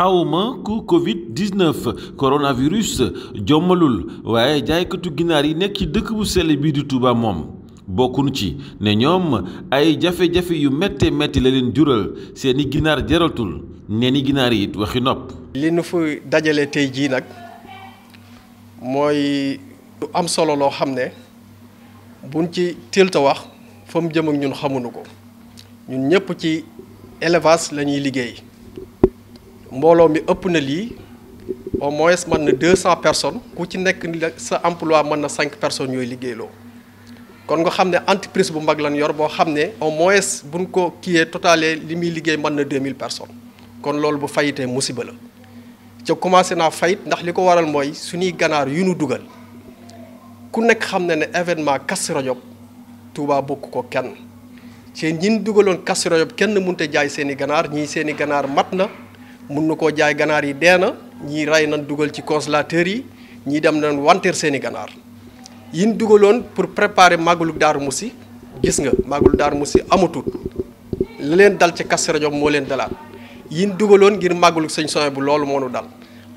xawma ku Covid 19 coronavirus jommalul waaye jaaykatu ginaar yi nekk ci dëkk bu sell bii di Touba moom bokkuñu ci ne ñoom ay jafe-jafe yu méttee metti la leen jural seeni ginaar jaratul neeni ginaar yi it waxi nopp. li nu fi dajale tey jii nag mooy am solo loo xam ne buñ ci teel ta wax fa jëm ak ñun xamunu ko ñun ñëpp ci élevage la ñuy mbolo mi ëpp na lii au moins man na 200 personnes ku ci nekk sa emploi man na 5 personnes yooyu liggéeyloo kon nga xam ne entreprise bu mag lan yor boo xam ne au moins buñ ko kiiyee totalé li muy liggéey mën na 2000 personnes kon loolu bu fayitee musiba la ca commencé naa fayit ndax li ko waral mooy suñuy ganaar yu nu dugal ku nekk xam ne ne événement Kazu Rajab Touba bokk ko kenn seen ñin dugaloon Kazu Rajab kenn mënut a jaay seeni i ganaar ñii seen i ganaar mat na mën ko jaay ganar yi deena ñi ray rey nañ dugal ci consulateur yi ñi dem nañ wanter seen ganar yin duggalon pour préparer musi gis nga dar musi amatu la leen dal ci kasse radio mo leen dalaat yin duggalon ngir màggalu seigne soye bu loolu moo nu dal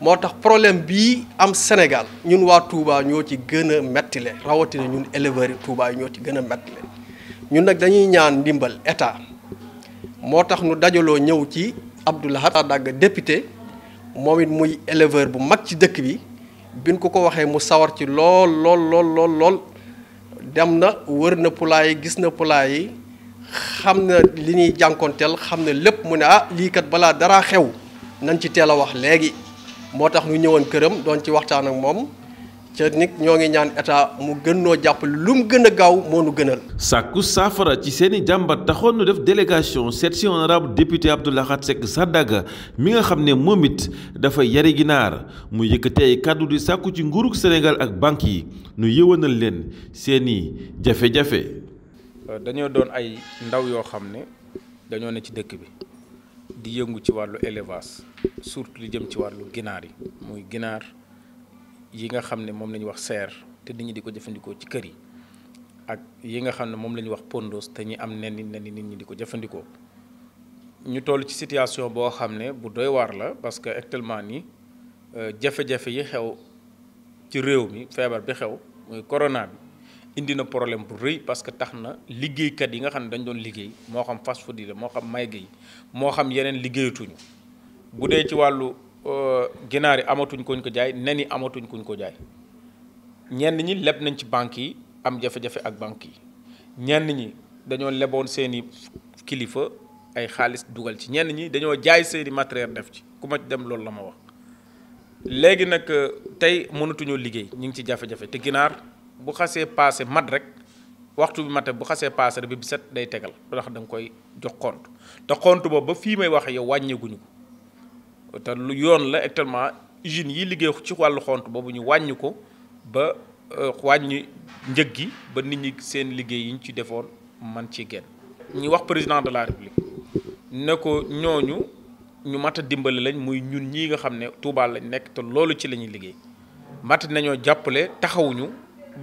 motax problème bi am Sénégal ñun wa Touba ñoo ci metti a rawati rawatina ñun éleveur Touba ñoo ci gëna metti mettile ñun nak dañuy ñaan ndimbal état motax nu dajalo ñew ci Abdou Lahad Daga député moom it muy éleveur bu mag ci dëkk bi biñ ko ko waxee mu sawar ci lool lool lool lool dem na wër na poulailler yi gis na poulailler yi xam na li ñuy jànkonteel xam na lépp mu ne ah lii kat balaa dara xew nañ ci teel a wax léegi moo tax ñu ñëwoon këram doon ci waxtaan ak moom ca nit ñoo ngi ñaan état mu gën noo jàpp lu mu gën a gaaw moo nu gënal. sàkku saafara ci seen i jàmbat taxoon nu def délégation seet si honorable député Abdou Lahad Seck Sadaga mi nga xam ne moom it dafa yari ginaar mu yëkkati ay kàddu di sàkku ci nguurug Sénégal ak banque yi nu yëwanal leen seen i jafe-jafe. Euh, dañoo doon ay ndaw yoo xam ne dañoo ne ci dëkk bi di yëngu ci wàllu élevage surtout li jëm ci wàllu ginaar yi muy ginaar. yi nga xam ne moom la ñuy wax serre te di ñi di ko jëfandikoo ci kër yi ak yi nga xam ne moom la ñuy wax pondos te ñi am nen ni nit ñi di ko jëfandikoo ñu toll ci situation boo xam ne bu doy waar la parce que actuellement nii euh, jafe-jafe yi xew ci réew mi feebar bi xew muy corona bi indi na problème bu rëy parce que tax na liggéeykat yi nga xam ne dañ doon liggéey moo xam fast food yi la moo xam mayga yi moo xam yeneen liggéeyatuñu bu dee ci wàllu Euh, ginaar yi amatuñ kuñ ko jaay nen yi amatuñ kuñ ko jaay ñenn ñi leb nañ ci banque yi am jafe-jafe ak banques yi ñenn ñi dañoo leboon seeni kilifa ay xaalis dugal ci ñenn ñi dañoo jaay seeni matériel def ci ku ma dem loolu la ma wax léegi nag euh, tey mënatuñoo liggéey ñu ngi ci jafe-jafe te ginaar bu xasee paase mat rek waxtu bi mate bu xasee paase rek bi set day tegal ndax da nga koy jox compte te compte boobu ba fii may wax yow wàññeeguñu te lu yoon la actuellement usines yi liggéey ci wàllu xont boobu ñu wàññi ko ba euh, wàññi njëg gi ba nit ñi seen liggéey yi ñu ci defoon man ci génn ñu wax président de la république ne ko ñooñu ñu mat a dimbali lañ muy ñun ñii nga xam ne Touba lañ nekk te loolu ci la ñuy liggéey mat nañoo jàppale taxawuñu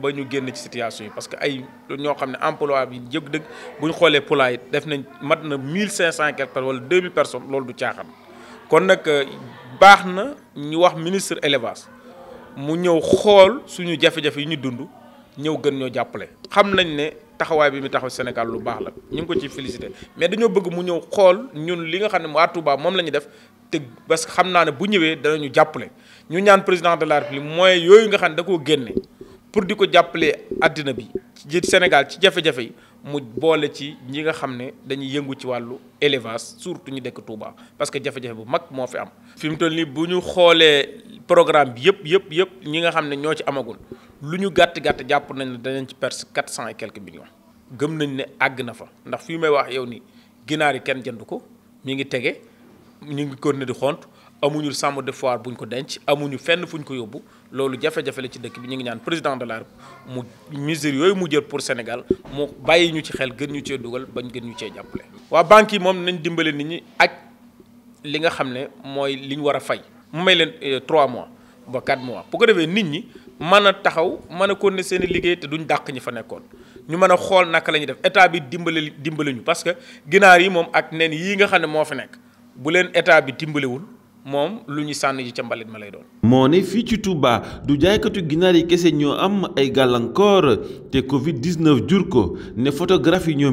ba ñu génn ci situation yi parce que ay ñoo xam ne emploi bi yëpp dëgg bu ñu xoolee poulailler def nañ mat na 1500 quelques wala 2000 personnes loolu du caaxaan. kon nag euh, baax na ñu wax ministre élevage mu ñëw xool suñu jafe-jafe yi ñu dund ñëw gën ñoo jàppale. xam nañ ne taxawaay bi mu taxaw Sénégal lu baax la ñu ngi ko ci félicité mais dañoo bëgg mu ñëw xool ñun li nga xam ne waa Touba moom la ñu def te parce que xam naa ne bu ñëwee danañu jàppale ñu ñaan président de la République mooy yooyu nga xam ne dakoo génne. pour di ko jàppale àddina bi ci Sénégal ci jafe-jafe yi mu boole ci ñi nga xam ne dañuy yëngu ci wàllu élevage surtout ñu dekk Touba parce que jafe-jafe bu mag moo fi am. fi mu toll nii bu ñu xoolee programme bi yëpp yëpp yëpp ñi nga xam ne ñoo ci amagul lu ñu gàtt gàtt jàpp nañ ne danañ ci perte quatre cent et quelques millions. gëm nañ ne àgg na fa ndax fi may wax yow nii ginaar yi kenn jënd ko mi ngi tege ñu ngi na di xont. amuñu chambre de foire buñ ko denc amuñu fenn fuñ ko yóbbu loolu jafe-jafe la ci dëkk bi ñu ngi ñaan président de la mu mesure yooyu mu jël pour Sénégal mu bàyyi ñu ci xel gën ñu cee dugal bañ gën ñu cee jàppale. waa banques yi moom nañ dimbale nit ñi ak li nga xam ne mooy li ñu war a fay mu may leen euh, trois mois ba 4 mois bu ko defee nit ñi mën a taxaw mën a continuer seen i liggéey te duñ dàq ñi fa nekkoon ñu mën a xool naka la def état bi dimbale dimbale ñu parce que ginaar yi moom ak nen yii nga xam ne moo fi nekk bu leen état bi dimbalewul moom lu ñu sànni ji ca mbalit ma lay doon. moo ne fii ci Touba du jaaykatu ginaar yi kese ñoo am ay gàllankoor te Covid 19 jur ko ne photographe yi ñu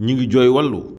ngi jooy wàllu.